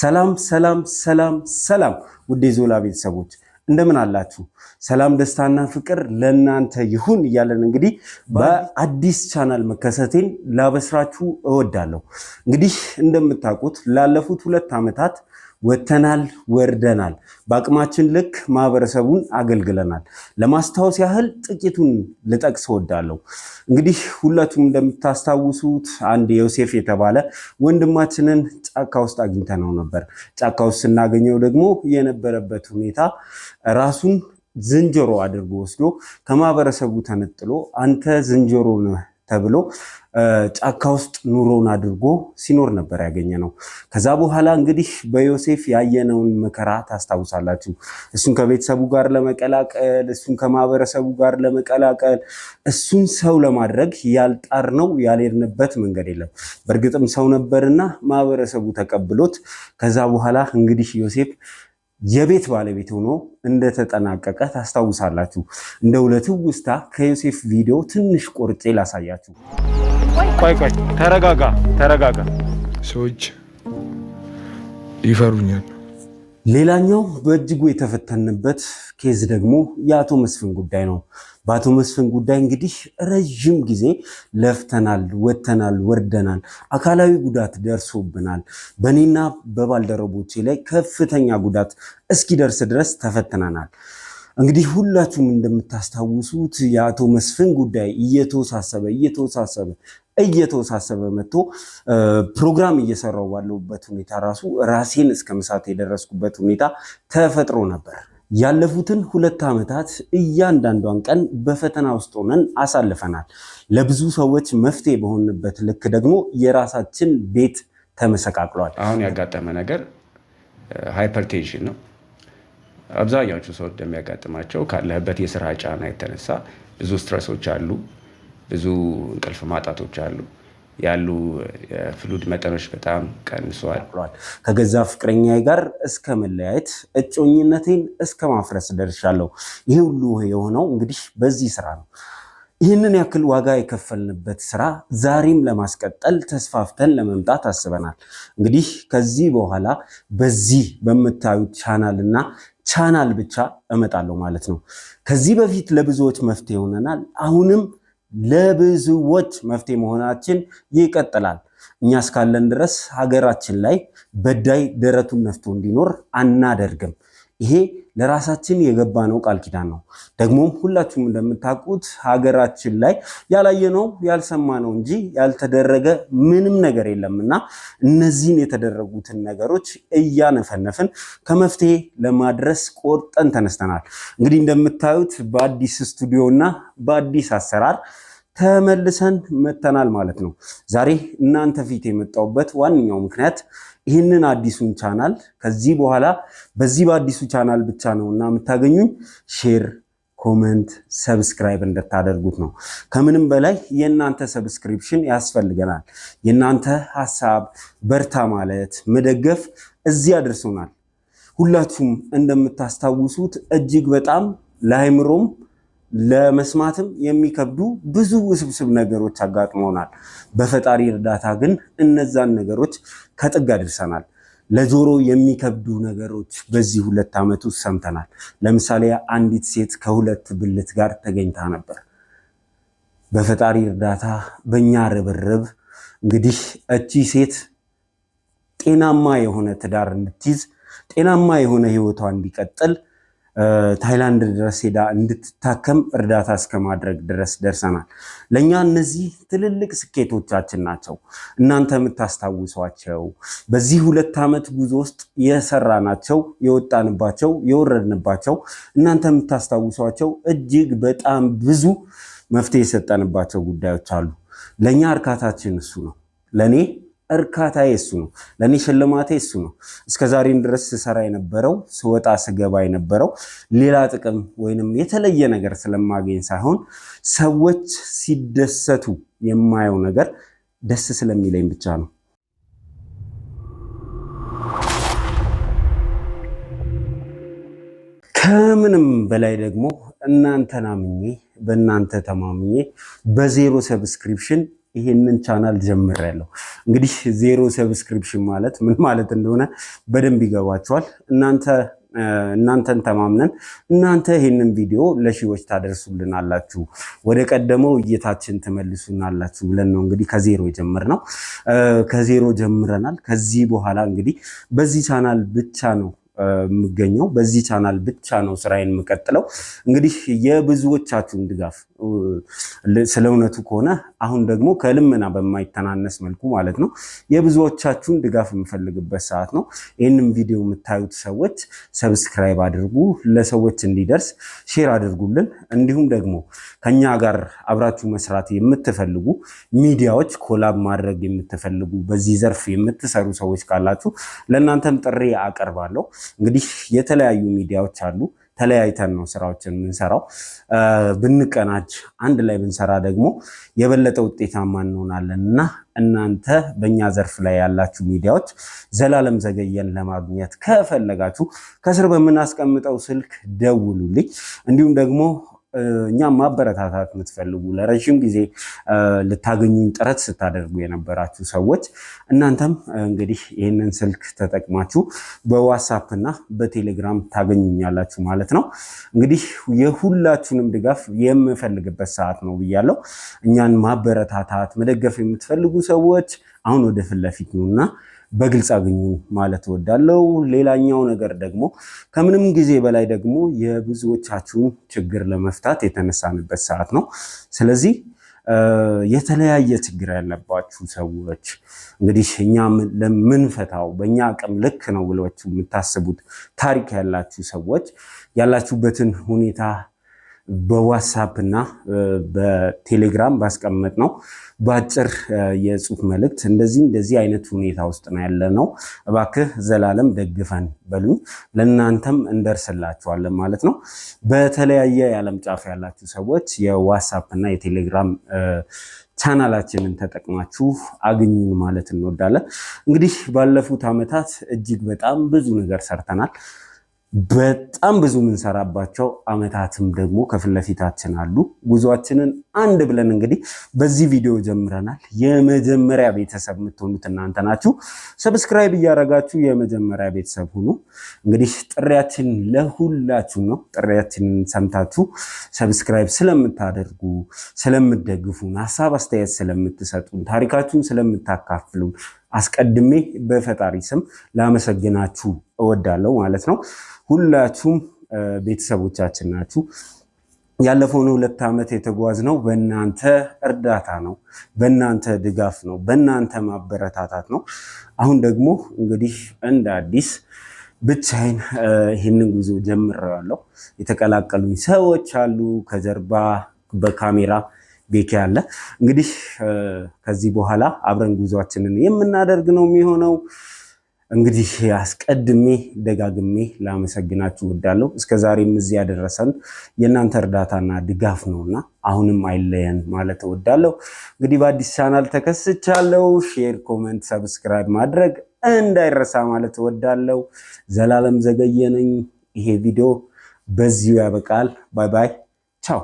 ሰላም ሰላም ሰላም ሰላም ውድ የዞላ ቤተሰቦች እንደምን አላችሁ? ሰላም ደስታና ፍቅር ለእናንተ ይሁን እያለን እንግዲህ በአዲስ ቻናል መከሰቴን ላበስራችሁ እወዳለሁ። እንግዲህ እንደምታውቁት ላለፉት ሁለት ዓመታት ወጥተናል፣ ወርደናል። በአቅማችን ልክ ማህበረሰቡን አገልግለናል። ለማስታወስ ያህል ጥቂቱን ልጠቅስ እወዳለሁ። እንግዲህ ሁላችሁም እንደምታስታውሱት አንድ ዮሴፍ የተባለ ወንድማችንን ጫካ ውስጥ አግኝተነው ነበር። ጫካ ውስጥ ስናገኘው ደግሞ የነበረበት ሁኔታ ራሱን ዝንጀሮ አድርጎ ወስዶ ከማህበረሰቡ ተነጥሎ አንተ ዝንጀሮ ነህ ተብሎ ጫካ ውስጥ ኑሮውን አድርጎ ሲኖር ነበር ያገኘ ነው። ከዛ በኋላ እንግዲህ በዮሴፍ ያየነውን መከራ ታስታውሳላችሁ። እሱን ከቤተሰቡ ጋር ለመቀላቀል፣ እሱን ከማህበረሰቡ ጋር ለመቀላቀል፣ እሱን ሰው ለማድረግ ያልጣርነው ያልሄድንበት መንገድ የለም። በእርግጥም ሰው ነበርና ማህበረሰቡ ተቀብሎት ከዛ በኋላ እንግዲህ ዮሴፍ የቤት ባለቤት ሆኖ እንደተጠናቀቀ ታስታውሳላችሁ። እንደው ውስታ ከዮሴፍ ቪዲዮ ትንሽ ቆርጬ ላሳያችሁ። ቆይ ቆይ፣ ተረጋጋ ተረጋጋ። ሰዎች ይፈሩኛል ሌላኛው በእጅጉ የተፈተንበት ኬዝ ደግሞ የአቶ መስፍን ጉዳይ ነው። በአቶ መስፍን ጉዳይ እንግዲህ ረዥም ጊዜ ለፍተናል፣ ወተናል ወርደናል፣ አካላዊ ጉዳት ደርሶብናል። በእኔና በባልደረቦቼ ላይ ከፍተኛ ጉዳት እስኪደርስ ድረስ ተፈትነናል። እንግዲህ ሁላችሁም እንደምታስታውሱት የአቶ መስፍን ጉዳይ እየተወሳሰበ እየተወሳሰበ እየተወሳሰበ መጥቶ ፕሮግራም እየሰራው ባለሁበት ሁኔታ ራሱ ራሴን እስከ መሳት የደረስኩበት ሁኔታ ተፈጥሮ ነበር። ያለፉትን ሁለት ዓመታት እያንዳንዷን ቀን በፈተና ውስጥ ሆነን አሳልፈናል። ለብዙ ሰዎች መፍትሄ በሆንበት ልክ ደግሞ የራሳችን ቤት ተመሰቃቅሏል። አሁን ያጋጠመ ነገር ሃይፐርቴንሽን ነው። አብዛኛዎቹ ሰዎች እንደሚያጋጥማቸው ካለህበት የስራ ጫና የተነሳ ብዙ ስትረሶች አሉ። ብዙ እንቅልፍ ማጣቶች አሉ ያሉ የፍሉድ መጠኖች በጣም ቀንሰዋል። ከገዛ ፍቅረኛዬ ጋር እስከ መለያየት እጮኝነቴን እስከ ማፍረስ ደርሻለሁ። ይህ ሁሉ የሆነው እንግዲህ በዚህ ስራ ነው። ይህንን ያክል ዋጋ የከፈልንበት ስራ ዛሬም ለማስቀጠል ተስፋፍተን ለመምጣት አስበናል። እንግዲህ ከዚህ በኋላ በዚህ በምታዩት ቻናል እና ቻናል ብቻ እመጣለሁ ማለት ነው። ከዚህ በፊት ለብዙዎች መፍትሄ ይሆነናል አሁንም ለብዙዎች መፍትሄ መሆናችን ይቀጥላል። እኛ እስካለን ድረስ ሀገራችን ላይ በዳይ ደረቱን ነፍቶ እንዲኖር አናደርግም። ይሄ ለራሳችን የገባ ነው ቃል ኪዳን ነው። ደግሞም ሁላችሁም እንደምታውቁት ሀገራችን ላይ ያላየ ያልሰማ ያልሰማነው እንጂ ያልተደረገ ምንም ነገር የለምና እነዚህን የተደረጉትን ነገሮች እያነፈነፍን ከመፍትሄ ለማድረስ ቆርጠን ተነስተናል። እንግዲህ እንደምታዩት በአዲስ ስቱዲዮ እና በአዲስ አሰራር ተመልሰን መተናል ማለት ነው። ዛሬ እናንተ ፊት የመጣሁበት ዋነኛው ምክንያት ይህንን አዲሱን ቻናል ከዚህ በኋላ በዚህ በአዲሱ ቻናል ብቻ ነው እና የምታገኙኝ ሼር ኮመንት ሰብስክራይብ እንደታደርጉት ነው። ከምንም በላይ የእናንተ ሰብስክሪፕሽን ያስፈልገናል። የእናንተ ሀሳብ በርታ ማለት መደገፍ እዚህ አድርሶናል። ሁላችሁም እንደምታስታውሱት እጅግ በጣም ለአይምሮም ለመስማትም የሚከብዱ ብዙ ውስብስብ ነገሮች አጋጥመውናል። በፈጣሪ እርዳታ ግን እነዛን ነገሮች ከጥግ አድርሰናል። ለጆሮ የሚከብዱ ነገሮች በዚህ ሁለት ዓመት ውስጥ ሰምተናል። ለምሳሌ አንዲት ሴት ከሁለት ብልት ጋር ተገኝታ ነበር። በፈጣሪ እርዳታ በእኛ ርብርብ እንግዲህ እቺ ሴት ጤናማ የሆነ ትዳር እንድትይዝ ጤናማ የሆነ ህይወቷ እንዲቀጥል ታይላንድ ድረስ ሄዳ እንድትታከም እርዳታ እስከ ማድረግ ድረስ ደርሰናል። ለእኛ እነዚህ ትልልቅ ስኬቶቻችን ናቸው። እናንተ የምታስታውሷቸው በዚህ ሁለት ዓመት ጉዞ ውስጥ የሰራናቸው፣ የወጣንባቸው፣ የወረድንባቸው እናንተ የምታስታውሷቸው እጅግ በጣም ብዙ መፍትሄ የሰጠንባቸው ጉዳዮች አሉ። ለእኛ እርካታችን እሱ ነው። ለእኔ እርካታ የሱ ነው። ለእኔ ሽልማቴ እሱ ነው። እስከ ዛሬም ድረስ ስሰራ የነበረው ስወጣ ስገባ የነበረው ሌላ ጥቅም ወይንም የተለየ ነገር ስለማገኝ ሳይሆን ሰዎች ሲደሰቱ የማየው ነገር ደስ ስለሚለኝ ብቻ ነው። ከምንም በላይ ደግሞ እናንተን አምኜ በእናንተ ተማምኜ በዜሮ ሰብስክሪፕሽን ይሄንን ቻናል ጀምሬያለሁ። እንግዲህ ዜሮ ሰብስክሪፕሽን ማለት ምን ማለት እንደሆነ በደንብ ይገባቸዋል። እናንተ እናንተን ተማምነን እናንተ ይህንን ቪዲዮ ለሺዎች ታደርሱልናላችሁ፣ ወደ ቀደመው እይታችን ትመልሱናላችሁ ብለን ነው እንግዲህ ከዜሮ የጀመርነው። ከዜሮ ጀምረናል። ከዚህ በኋላ እንግዲህ በዚህ ቻናል ብቻ ነው የምገኘው በዚህ ቻናል ብቻ ነው ስራዬን የምቀጥለው። እንግዲህ የብዙዎቻችሁን ድጋፍ ስለ እውነቱ ከሆነ አሁን ደግሞ ከልመና በማይተናነስ መልኩ ማለት ነው የብዙዎቻችሁን ድጋፍ የምፈልግበት ሰዓት ነው። ይህንም ቪዲዮ የምታዩት ሰዎች ሰብስክራይብ አድርጉ፣ ለሰዎች እንዲደርስ ሼር አድርጉልን። እንዲሁም ደግሞ ከኛ ጋር አብራችሁ መስራት የምትፈልጉ ሚዲያዎች ኮላብ ማድረግ የምትፈልጉ በዚህ ዘርፍ የምትሰሩ ሰዎች ካላችሁ ለእናንተም ጥሪ አቀርባለሁ። እንግዲህ የተለያዩ ሚዲያዎች አሉ። ተለያይተን ነው ስራዎችን የምንሰራው። ብንቀናጅ አንድ ላይ ብንሰራ ደግሞ የበለጠ ውጤታማ እንሆናለን እና እናንተ በእኛ ዘርፍ ላይ ያላችሁ ሚዲያዎች ዘላለም ዘገየን ለማግኘት ከፈለጋችሁ ከስር በምናስቀምጠው ስልክ ደውሉልኝ። እንዲሁም ደግሞ እኛም ማበረታታት የምትፈልጉ ለረዥም ጊዜ ልታገኙኝ ጥረት ስታደርጉ የነበራችሁ ሰዎች እናንተም እንግዲህ ይህንን ስልክ ተጠቅማችሁ በዋትሳፕ እና በቴሌግራም ታገኙኛላችሁ ማለት ነው። እንግዲህ የሁላችሁንም ድጋፍ የምፈልግበት ሰዓት ነው ብያለሁ። እኛን ማበረታታት መደገፍ የምትፈልጉ ሰዎች አሁን ወደ ፊት ለፊት ነውና በግልጽ አግኙን ማለት እወዳለሁ። ሌላኛው ነገር ደግሞ ከምንም ጊዜ በላይ ደግሞ የብዙዎቻችሁን ችግር ለመፍታት የተነሳንበት ሰዓት ነው። ስለዚህ የተለያየ ችግር ያለባችሁ ሰዎች እንግዲህ እኛ ለምንፈታው በእኛ አቅም ልክ ነው ብላችሁ የምታስቡት ታሪክ ያላችሁ ሰዎች ያላችሁበትን ሁኔታ በዋትሳፕ እና በቴሌግራም ባስቀመጥ ነው በአጭር የጽሁፍ መልእክት እንደዚህ እንደዚህ አይነት ሁኔታ ውስጥ ነው ያለ ነው፣ እባክህ ዘላለም ደግፈን በሉኝ። ለእናንተም እንደርስላችኋለን ማለት ነው። በተለያየ የዓለም ጫፍ ያላችሁ ሰዎች የዋትሳፕ እና የቴሌግራም ቻናላችንን ተጠቅማችሁ አግኙን ማለት እንወዳለን። እንግዲህ ባለፉት ዓመታት እጅግ በጣም ብዙ ነገር ሰርተናል። በጣም ብዙ የምንሰራባቸው አመታትም ደግሞ ከፊት ለፊታችን አሉ። ጉዟችንን አንድ ብለን እንግዲህ በዚህ ቪዲዮ ጀምረናል። የመጀመሪያ ቤተሰብ የምትሆኑት እናንተ ናችሁ። ሰብስክራይብ እያደረጋችሁ የመጀመሪያ ቤተሰብ ሁኑ። እንግዲህ ጥሪያችን ለሁላችሁ ነው። ጥሪያችንን ሰምታችሁ ሰብስክራይብ ስለምታደርጉ ስለምደግፉን ሀሳብ አስተያየት ስለምትሰጡን፣ ታሪካችሁን ስለምታካፍሉን አስቀድሜ በፈጣሪ ስም ላመሰግናችሁ እወዳለሁ ማለት ነው። ሁላችሁም ቤተሰቦቻችን ናችሁ። ያለፈውን ሁለት ዓመት የተጓዝነው በእናንተ እርዳታ ነው፣ በእናንተ ድጋፍ ነው፣ በእናንተ ማበረታታት ነው። አሁን ደግሞ እንግዲህ እንደ አዲስ ብቻዬን ይህንን ጉዞ ጀምሬያለሁ። የተቀላቀሉኝ ሰዎች አሉ ከጀርባ በካሜራ ቤኪ አለ። እንግዲህ ከዚህ በኋላ አብረን ጉዟችንን የምናደርግ ነው የሚሆነው። እንግዲህ አስቀድሜ ደጋግሜ ላመሰግናችሁ እወዳለሁ። እስከ ዛሬም እዚህ ያደረሰን የእናንተ እርዳታና ድጋፍ ነውና አሁንም አይለየን ማለት እወዳለሁ። እንግዲህ በአዲስ ቻናል ተከስቻለሁ። ሼር፣ ኮመንት፣ ሰብስክራይብ ማድረግ እንዳይረሳ ማለት እወዳለሁ። ዘላለም ዘገየ ነኝ። ይሄ ቪዲዮ በዚሁ ያበቃል። ባይ ባይ፣ ቻው።